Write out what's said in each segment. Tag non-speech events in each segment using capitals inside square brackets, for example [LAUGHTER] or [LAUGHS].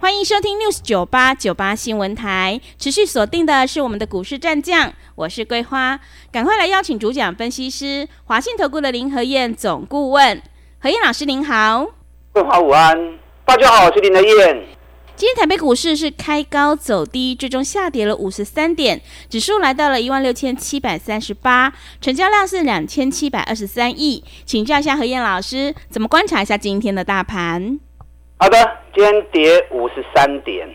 歡迎收聽 News 九八九八新聞台，持續鎖定的是我們的股市戰將，我是桂花，趕快來邀請主講分析師華信投顧的林和彥總顧問，何彥老師您好。桂花午安，大家好，我是林和彥。今天台北股市是開高走低，最終下跌了五十三點，指數來到了一萬六千七百三十八，成交量是兩千七百二十三億，請教一下何彥老師，怎麼觀察一下今天的大盤？好的，今天跌五十三點，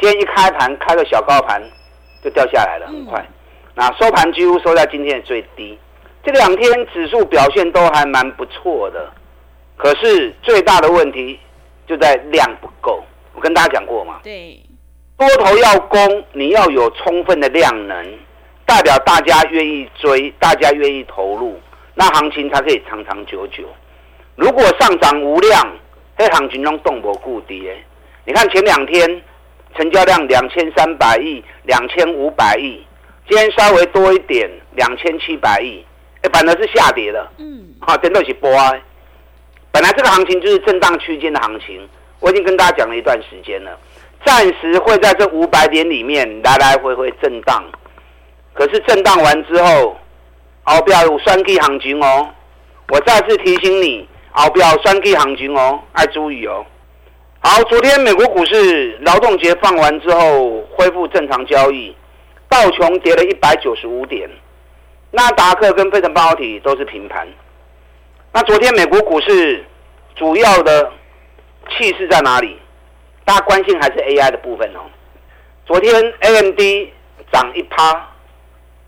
今天一開盤開個小高盤，就掉下來了，很快。嗯、那收盤幾乎收在今天的最低。這兩天指數表現都還蠻不錯的，可是最大的問題就在量不夠。我跟大家講過嘛，對，多頭要攻，你要有充分的量能，代表大家願意追，大家願意投入，那行情它可以長長久久。如果上漲無量。這行情中動波固跌，你看前兩天成交量兩千三百億、兩千五百億，今天稍微多一點兩千七百億，哎，反、欸、而是下跌了。嗯，好、哦，真的是波哎。本來這個行情就是震盪區間的行情，我已經跟大家講了一段時間了，暫時會在這五百點裡面來來回回震盪，可是震盪完之後，後面有雙 K 行情哦。我再次提醒你。好，不要三天行情哦，要注意哦。好，昨天美國股市勞動節放完之後恢復正常交易，道瓊跌了一百九十五點，納達克跟費城半導體都是平盤。那昨天美國股市主要的氣勢在哪裡？大家關心還是 AI 的部分哦。昨天 AMD 漲一趴，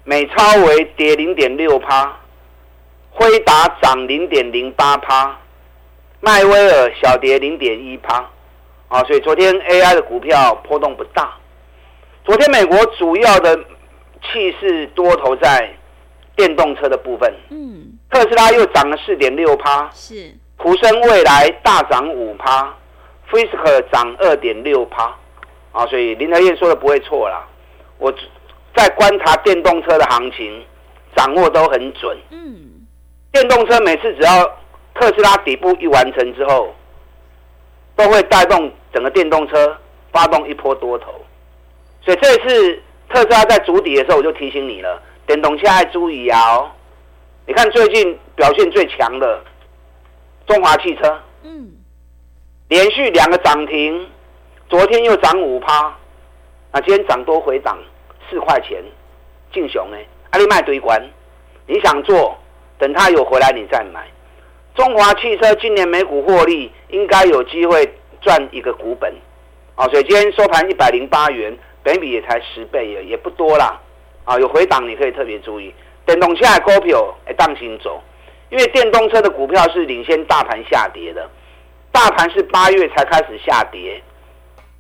美超微跌零點六趴。輝達漲零點零八趴，邁威爾小跌零點一趴。啊，所以昨天 AI 的股票波動不大。昨天美國主要的氣勢多頭，在電動車的部分，嗯，特斯拉又漲了四點六趴，是，普森未來大漲五趴，Fisker 漲二點六趴。啊，所以林和彥說的不會錯啦。我在觀察電動車的行情，掌握都很準，嗯。電動車每次只要特斯拉底部一完成之後，都會帶動整個電動車發動一波多頭，所以這一次特斯拉在主底的時候，我就提醒你了，電動車要注意啊哦！你看最近表現最強的中華汽車，嗯，連續兩個漲停，昨天又漲五趴，啊，今天漲多回漲四塊錢，敬雄呢，阿、啊、你賣堆關，你想做？等他有回來，你再買。中華汽車今年每股獲利，應該有機會賺一個股本，啊，所以今天收盤一百零八元，本比也才十倍，也也不多啦，啊，有回檔你可以特別注意。等龍下海股票當行走，因為電動車的股票是領先大盤下跌的，大盤是八月才開始下跌，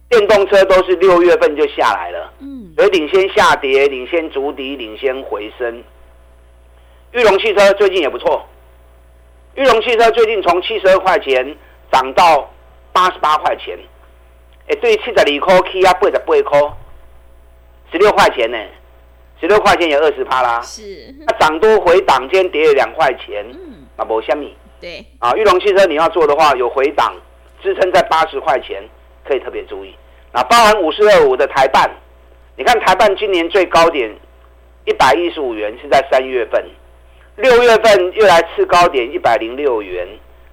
電動車都是六月份就下來了，嗯，所以領先下跌，領先築底，領先回升。裕隆汽車最近也不錯。裕隆汽車最近從七十二塊錢漲到八十八塊錢，對，七十二顆起啊，八十八顆，十六塊錢呢，十六塊錢也二十趴啦。是，那漲多回檔間跌了兩塊錢，啊，不相米。對，啊，裕隆汽車你要做的話，有回檔支撐在八十塊錢，可以特別注意。那、啊、包含五四二五的台半，你看台半今年最高點一百一十五元是在三月份。六月份又來次高點一百零六元，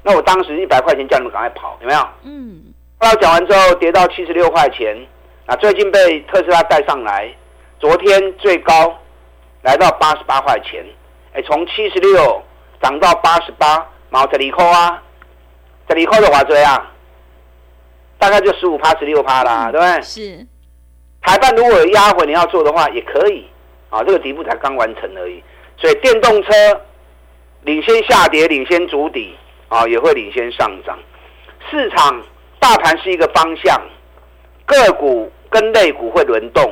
那我當時一百塊錢叫你們趕快跑，有沒有？嗯。後來講完之後跌到七十六塊錢，那、啊、最近被特斯拉帶上來，昨天最高來到八十八塊錢，哎，從七十六漲到八十八，也有十二塊啊，十二塊的話這樣大概就十五趴十六趴啦，嗯、對不對？是。台半如果有壓回你要做的話也可以，啊，這個底部才剛完成而已。所以電動車領先下跌，領先主底啊、哦，也會領先上漲。市場大盤是一個方向，個股跟類股會輪動，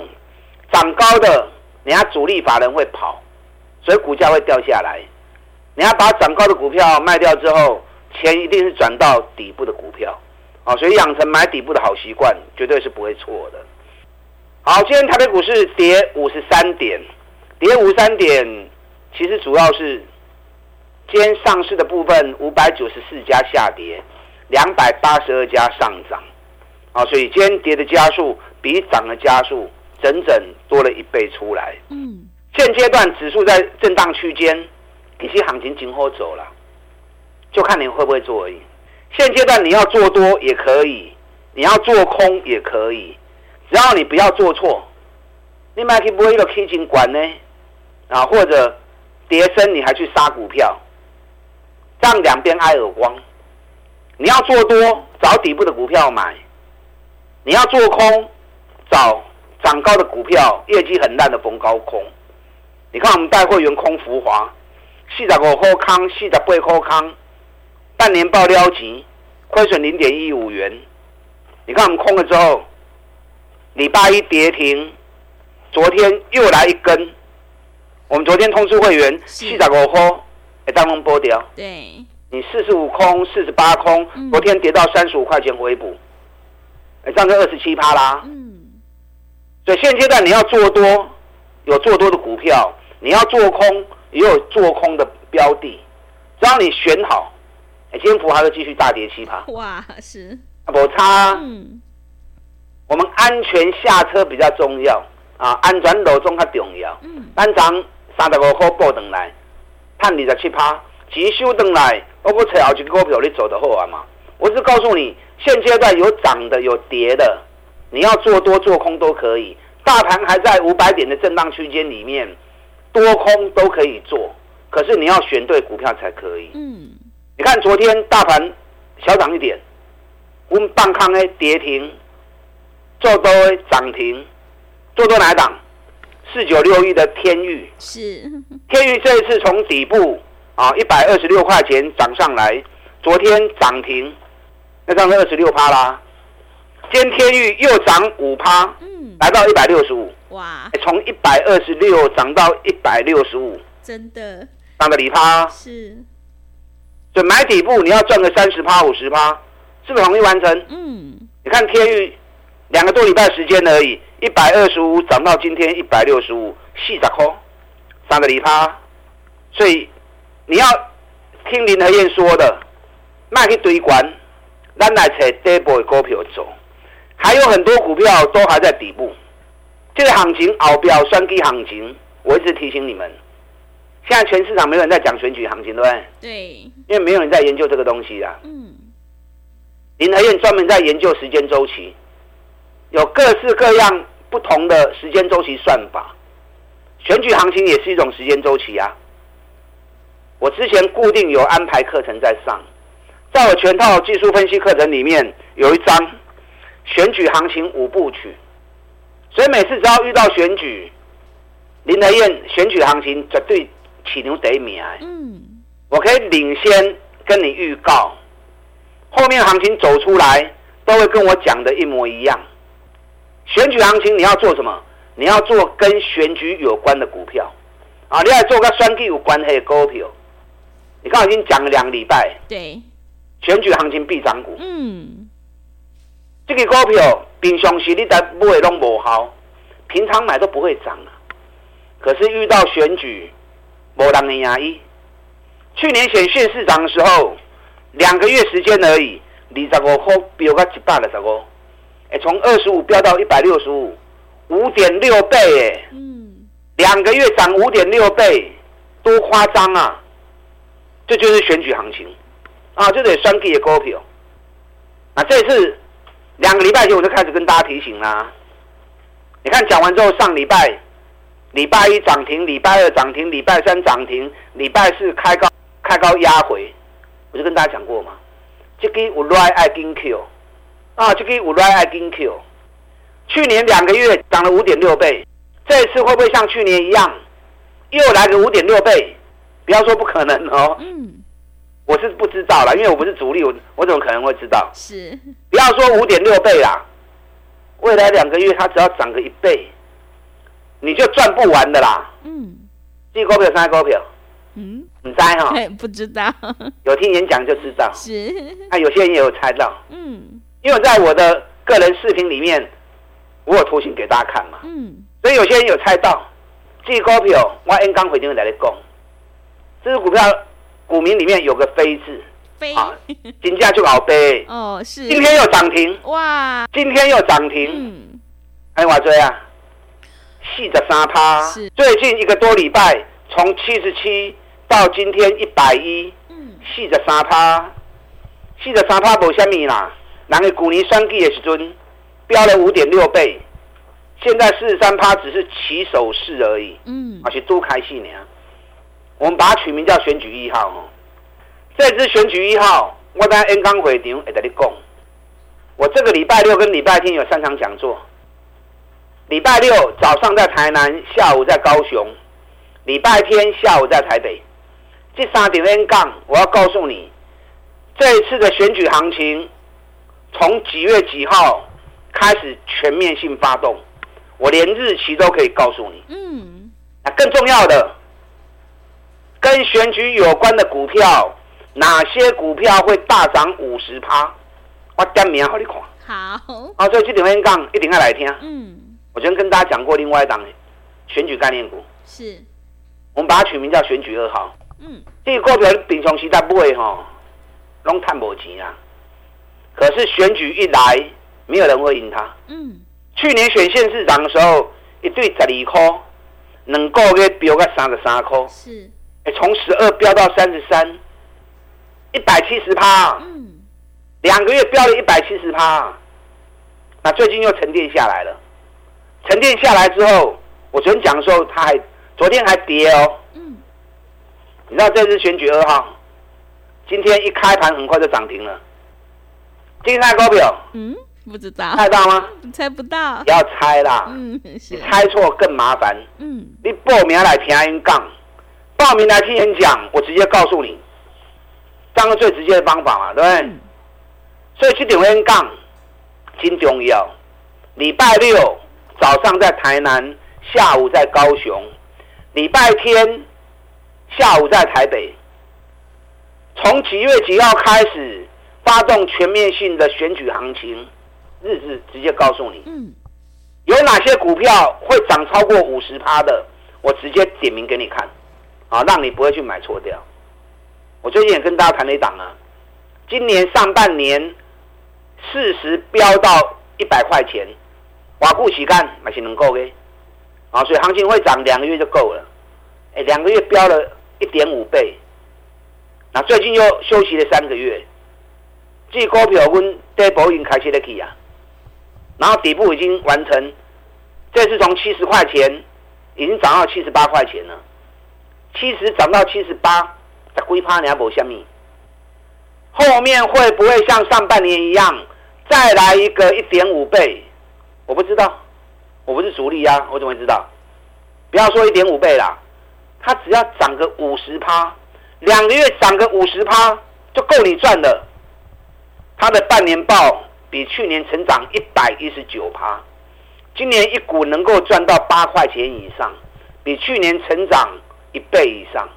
漲高的，人家主力法人會跑，所以股價會掉下來。人家把漲高的股票賣掉之後，錢一定是轉到底部的股票啊、哦，所以養成買底部的好習慣，絕對是不會錯的。好，今天台北股市跌五十三點，跌五十三點。其實主要是，今天上市的部分五百九十四家下跌，兩百八十二家上漲，啊，所以今天跌的加速比漲的加速整整多了一倍出來。嗯，現階段指數在震盪區間，一些行情今後走了，就看你會不會做而已。現階段你要做多也可以，你要做空也可以，只要你不要做錯，你不去買不會一個 K 型管呢，啊，或者。跌深你還去殺股票，讓兩邊挨耳光。你要做多找底部的股票買，你要做空找漲高的股票，業績很爛的逢高空。你看我們帶會員空福華，四十五塊康，四十八塊康，半年報撩集虧損零點一五元。你看我們空了之後，禮拜一跌停，昨天又來一根。我們昨天通知會員七十五空，哎，當中撥掉。對，你四十五空，四十八空，昨天跌到三十五塊錢回補，哎，漲成二十七趴啦。嗯，所以現階段你要做多，有做多的股票；你要做空，也有做空的標的。只要你選好，哎，今天服還是繼續大跌七趴。哇，是啊，不差。嗯，我們安全下車比較重要啊，安全樓中較重要。嗯，三十五塊報上來，賺二十七趴，錢收回來。我不扯好幾個股票，你做的好啊嘛！我是告訴你，現階段有漲的，有跌的，你要做多做空都可以。大盤還在五百點的震盪區間裡面，多空都可以做，可是你要選對股票才可以。嗯，你看昨天大盤小漲一點，我們半康的跌停，做多漲停，做多哪一檔？四九六一的天鈺是天鈺，這一次從底部啊一百二十六塊錢漲上來，昨天漲停，那這樣是二十六趴啦。今天天鈺又漲五趴，嗯，來到一百六十五，哇，從一百二十六漲到一百六十五，真的漲了里趴，是，所以買底部你要賺個三十趴、五十趴，是不是容易完成？嗯，你看天鈺。兩個多禮拜時間而已，一百二十五漲到今天一百六十五，四十塊，漲個三十趴。所以你要聽林和彥說的，賣去堆關咱來採底部的股票走。還有很多股票都還在底部，這、就、個、是、行情奧標算計行情。我一直提醒你們，現在全市場沒有人在講選舉行情，對不對？對，因為沒有人在研究這個東西啦、啊。嗯，林和彥專門在研究時間週期。有各式各樣不同的時間週期算法，選舉行情也是一種時間週期啊。我之前固定有安排課程在上，在我全套技術分析課程裡面有一章選舉行情五部曲，所以每次只要遇到選舉，林和彥選舉行情絕對起牛得米啊！嗯，我可以領先跟你預告，後面行情走出來都會跟我講的一模一樣。選舉行情，你要做什麼？你要做跟選舉有關的股票，啊，你要做跟選舉有關的股票。你剛才已經講了兩禮拜。對，選舉行情必漲股。嗯，這個股票平常時你在買攏無效，平常買都不會漲啊。可是遇到選舉，沒人贏。去年選縣市長的時候，兩個月時間而已，二十五塊飆到一百二十五。哎，從二十五飆到一百六十五，五點六倍哎！兩個月漲五點六倍，多誇張啊！這就是選舉行情啊，舉啊，這得雙 K 的股票。那這次兩個禮拜前我就開始跟大家提醒啦、啊。你看，講完之後，上禮拜禮拜一漲停，禮拜二漲停，禮拜三漲停，禮拜四開高開高壓回，我就跟大家講過嘛。這個我來愛跟 Q。啊，就給五零 i 零 Q，去年兩個月漲了五點六倍，這一次會不會像去年一樣，又來個五點六倍？不要說不可能哦。嗯，我是不知道了，因為我不是主力，我我怎麼可能會知道？是，不要說五點六倍啦，未來兩個月它只要漲個一倍，你就賺不完的啦。嗯，第一高票，三號高票。嗯，你猜哈？不知道。 [LAUGHS] 有聽演講就知道。是，那、啊、有些人也有猜到。嗯。因為我在我的個人視頻裡面，我有圖形給大家看嘛，嗯，所以有些人有猜到，這個股票我 n 剛回定來的股，這支股票股民裡面有個飛字，飛非，金價就老飛，哦，是，今天又漲停，哇，今天又漲停，嗯，還有我這樣，四十三趴，是最近一個多禮拜從七十七到今天一百一，嗯，四十三趴，四十三趴沒什麼啦。南非股尼三 K S 的時候，飆了五點六倍，現在四十三趴只是起手式而已，嗯。而且多開心呢。我們把它取名叫選舉一號哦。這支選舉一號，我在演講會場也跟你講，我這個禮拜六跟禮拜天有三場講座。禮拜六早上在台南，下午在高雄；禮拜天下午在台北。這三點演講，我要告訴你，這一次的選舉行情。從幾月幾號開始全面性發動，我連日期都可以告訴你。嗯、啊，更重要的，跟選舉有關的股票，哪些股票會大漲五十趴？我點名給你看。好。啊，所以今天要講，一定要來聽。嗯，我昨天跟大家講過另外一檔選舉概念股，是我們把它取名叫選舉二號。嗯，這個股票平常時在買吼，攏賺無錢啊。可是選舉一來，沒有人會贏他。嗯。去年選縣市長的時候，一對十二塊，能夠月飆個三十三塊。是。從十二飆到三十三，一百七十趴。嗯。兩個月飆了一百七十趴，那最近又沉澱下來了。沉澱下來之後，我昨天講的時候，他還昨天還跌哦。嗯。你知道這次選舉二號，今天一開盤很快就漲停了。今天股票？嗯，不知道。猜到嗎？猜不到。要猜啦。嗯，你猜錯更麻煩。嗯。你報名來聽演講，報名來聽演講，我直接告訴你，這個最直接的方法嘛，對不對？嗯，所以去聽演講，很重要。禮拜六早上在台南，下午在高雄；禮拜天下午在台北。從幾月幾號開始？發動全面性的選舉行情，日子直接告訴你，有哪些股票會漲超過五十趴的，我直接點名給你看，啊，讓你不會去買錯掉。我最近也跟大家談了一檔啊，今年上半年四十飆到一百塊錢，瓦不起干哪些能夠的，啊，所以行情會漲兩個月就夠了，哎，兩個月飆了一點五倍，那、啊、最近又休息了三個月。這股票，我在博云開車的去啊。然後底部已經完成，這是從七十塊錢已經漲到七十八塊錢了。七十漲到七十八，十幾趴兩百下面，後面會不會像上半年一樣再來一個一點五倍？我不知道，我不是主力啊，我怎麼會知道？不要說一點五倍啦，他只要漲個五十趴，兩個月漲個五十趴就夠你賺了。他的半年報比去年成長一百一十九趴，今年一股能夠賺到八塊錢以上，比去年成長一倍以上，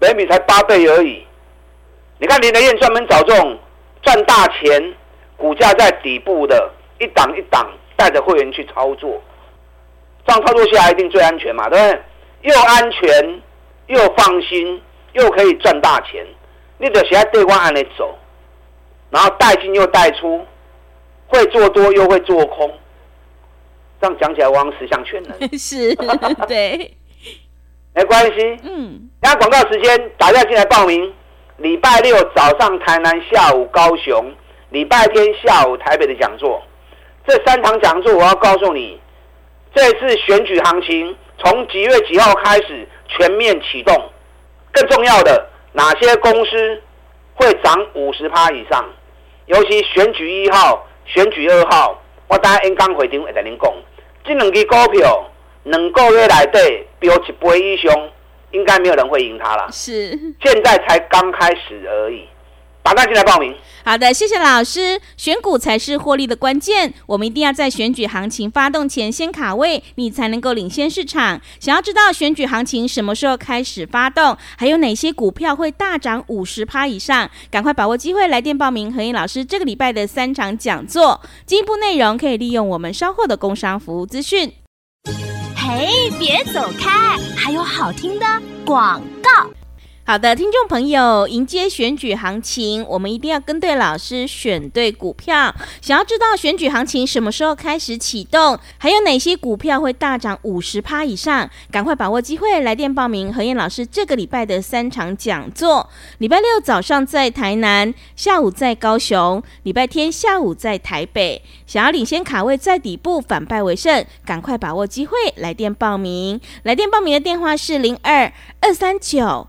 每米才八倍而已。你看林和彥專門找這種賺大錢、股價在底部的一檔一檔，帶着會員去操作，這樣操作下來一定最安全嘛，對不對？又安全又放心，又可以賺大錢，你得先對我按的走。然後帶進又帶出，會做多又會做空，這樣講起來往往十項全能。是，對， [LAUGHS] 沒關係。嗯，然後廣告時間打電話進來報名。禮拜六早上台南，下午高雄；禮拜天下午台北的講座。這三場講座，我要告訴你，這次選舉行情從幾月幾號開始全面啟動。更重要的，哪些公司？會漲五十趴以上，尤其選舉一號、選舉二號，我等下演講會中會跟你講，這兩支股票兩個月內飆一倍以上，應該沒有人會贏他了。是，現在才剛開始而已。馬上進來報名。好的，謝謝老師。選股才是獲利的關鍵，我們一定要在選舉行情發動前先卡位，你才能夠領先市場。想要知道選舉行情什麼時候開始發動，還有哪些股票會大漲五十趴以上，趕快把握機會來電報名。和彥老師這個禮拜的三場講座，進一步內容可以利用我們稍後的工商服務資訊。嘿，別走開，還有好聽的廣告。好的，聽眾朋友，迎接選舉行情，我們一定要跟對老師，選對股票。想要知道選舉行情什麼時候開始啟動，還有哪些股票會大漲五十趴以上，趕快把握機會來電報名。和彥老師這個禮拜的三場講座，禮拜六早上在台南，下午在高雄，禮拜天下午在台北。想要領先卡位在底部反敗為勝，趕快把握機會來電報名。來電報名的電話是零二二三九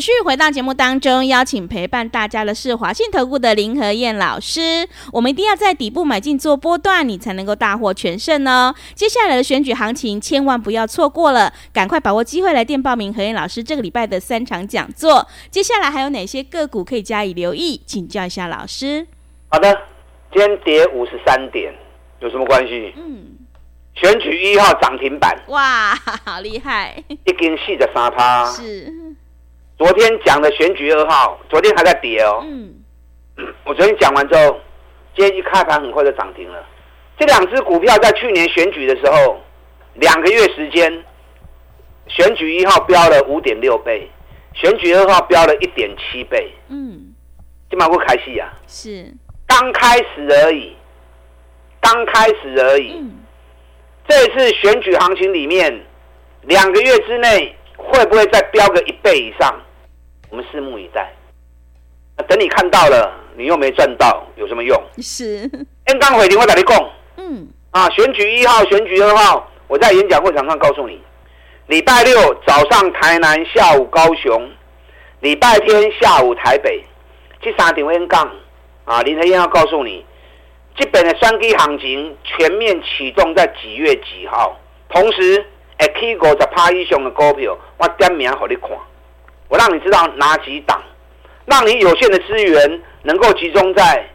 持續回到節目當中，邀請陪伴大家的是華信投顧的林和彥老師。我們一定要在底部買進做波段，你才能夠大獲全勝哦。接下來的選舉行情，千萬不要錯過了，趕快把握機會來電報名。和彥老師這個禮拜的三場講座，接下來還有哪些個股可以加以留意？請教一下老師。好的，今天跌五十三點，有什麼關係？嗯，選舉一號漲停板，哇，好厲害，一根四十三趴，是。昨天講的選舉二號，昨天還在跌哦。嗯，我昨天講完之後，今天一開盤很快就漲停了。這兩隻股票在去年選舉的時候，兩個月時間，選舉一號飆了五點六倍，選舉二號飆了一點七倍。嗯，這馬過開戲啊？是，剛開始而已，剛開始而已。嗯、這一次選舉行情裡面，兩個月之內。會不會再飆個一倍以上？我們拭目以待，啊。等你看到了，你又沒賺到，有什麼用？是 N 槓回調，我跟你講。嗯，啊，選舉一號，選舉二號，我在演講會場上告訴你，禮拜六早上台南，下午高雄，禮拜天下午台北，這三場 N 槓啊，林和彥要告訴你，基本的三基行情全面啟動在幾月幾號？同時。哎，K50 趴以上的股票，我點名給你看，我讓你知道哪幾檔，讓你有限的資源能夠集中在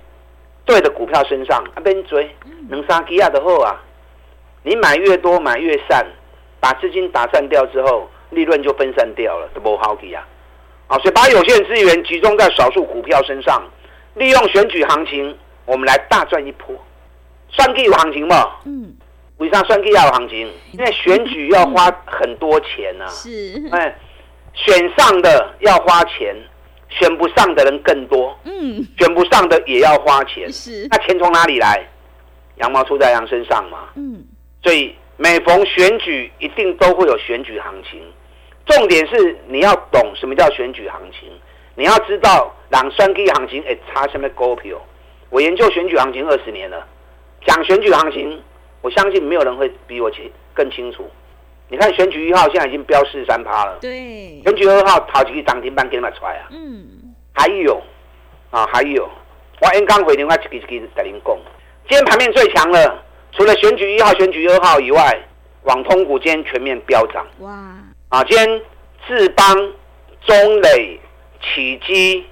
對的股票身上。啊，邊追，兩三檔就好啊！你買越多，買越散，把資金打散掉之後，利潤就分散掉了，不好搞啊。啊，所以把有限資源集中在少數股票身上，利用選舉行情，我們來大賺一波。選舉有行情嗎？嗯。為啥選舉要有行情？因為選舉要花很多錢吶。啊嗯。是。哎，選上的要花錢，選不上的人更多。嗯。選不上的也要花錢。是。那錢從哪裡來？羊毛出在羊身上嘛。嗯。所以每逢選舉，一定都會有選舉行情。重點是你要懂什麼叫選舉行情。你要知道，朗三 K 行情哎，差什麼狗屁。我研究選舉行情二十年了，講選舉行情。我相信沒有人會比我清更清楚。你看選舉一號現在已經飆四三趴了，對，選舉二號好幾個漲停板給你們出來啊！嗯，還有啊，還有我 N 鋼回泥我一個一個跟你講。今天盤面最強了，除了選舉一號、選舉二號以外，網通股今天全面飆漲。哇！啊，今天智邦、中磊、啟碁、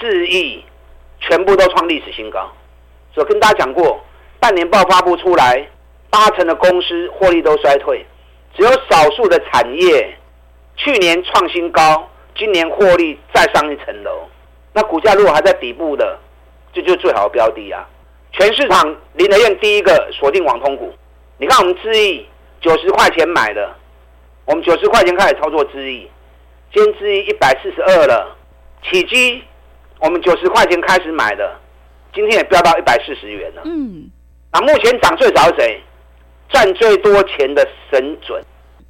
智易全部都創歷史新高。所以跟大家講過，半年報發布出來。八成的公司獲利都衰退，只有少數的產業去年創新高，今年獲利再上一層樓。那股價如果還在底部的，這就是最好的標的啊！全市場林和彥，第一個鎖定網通股。你看我們智易九十塊錢買的，我們九十塊錢開始操作智易，今天智易一百四十二了。啟碁我們九十塊錢開始買的，今天也飆到一百四十元了。嗯，那、啊、目前漲最少是誰？賺最多錢的神準，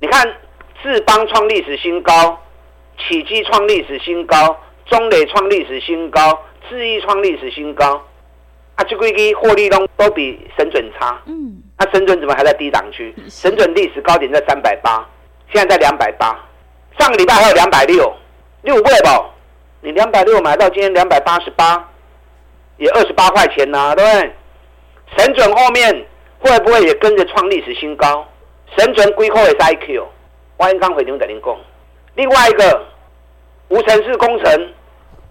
你看，智邦創歷史新高，啟碁創歷史新高，中磊創歷史新高，智易創歷史新高，啊，這幾支獲利都都比神準差，嗯，啊神準怎麼還在低檔區？神準歷史高點在三百八，現在在兩百八，上個禮拜還有兩百六，六倍吧？你兩百六買到今天兩百八十八，也二十八塊錢吶、啊，對，對？神準後面。會不會也跟着創歷史新高？神存歸殼也 I Q，萬回，匯牛等零共。另外一個，無塵室工程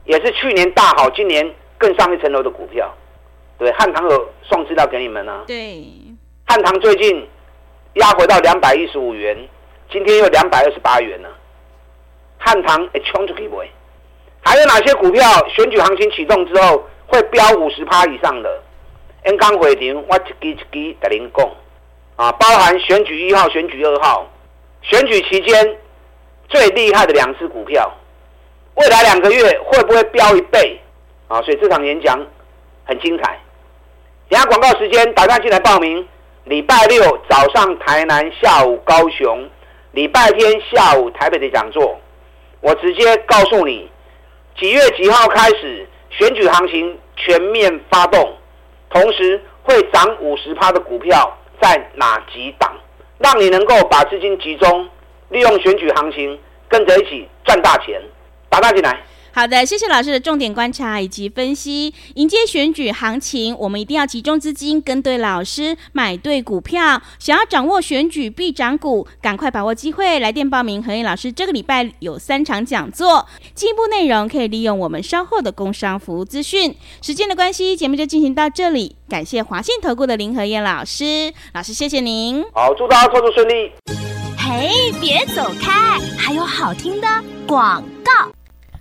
也是去年大好，今年更上一層樓的股票。對，漢唐有送資料給你們呢、啊。對，漢唐最近壓回到兩百一十五元，今天又兩百二十八元了、啊。漢唐一 K 還有哪些股票選舉行情啟動之後會飆五十趴以上的？演講會場，我一支一支跟你講啊，包含選舉一號、選舉二號，選舉期間最厲害的兩只股票，未來兩個月會不會飆一倍啊？所以這場演講很精彩。等下廣告時間，打算進來報名。禮拜六早上台南，下午高雄；禮拜天下午台北的講座，我直接告訴你幾月幾號開始選舉行情全面發動。同時會漲五十趴的股票在哪幾檔？讓你能夠把資金集中，利用選舉行情跟着一起賺大錢，打大進來。好的，謝謝老師的重點觀察以及分析。迎接選舉行情，我們一定要集中資金，跟對老師，買對股票。想要掌握選舉必漲股，趕快把握機會，來電報名。和彥老師這個禮拜有三場講座，進一步內容可以利用我們稍後的工商服務資訊。時間的關係，節目就進行到這裡。感謝華信投顧的林和彥老師，老師謝謝您。好，祝大家操作順利。嘿，hey, 別走開，還有好聽的廣告。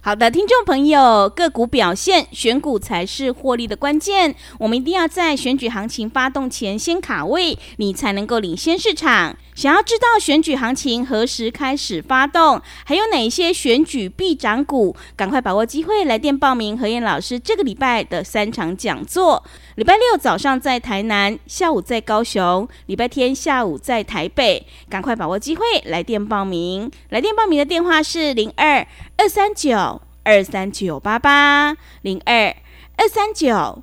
好的，聽眾朋友，個股表現，選股才是獲利的關鍵。我們一定要在選舉行情發動前先卡位，你才能夠領先市場。想要知道選舉行情何時開始發動，還有哪一些選舉必漲股，趕快把握機會來電報名。和彥老師這個禮拜的三場講座，禮拜六早上在台南，下午在高雄，禮拜天下午在台北，趕快把握機會來電報名。來電報名的電話是零二二三九二三九八八零二二三九。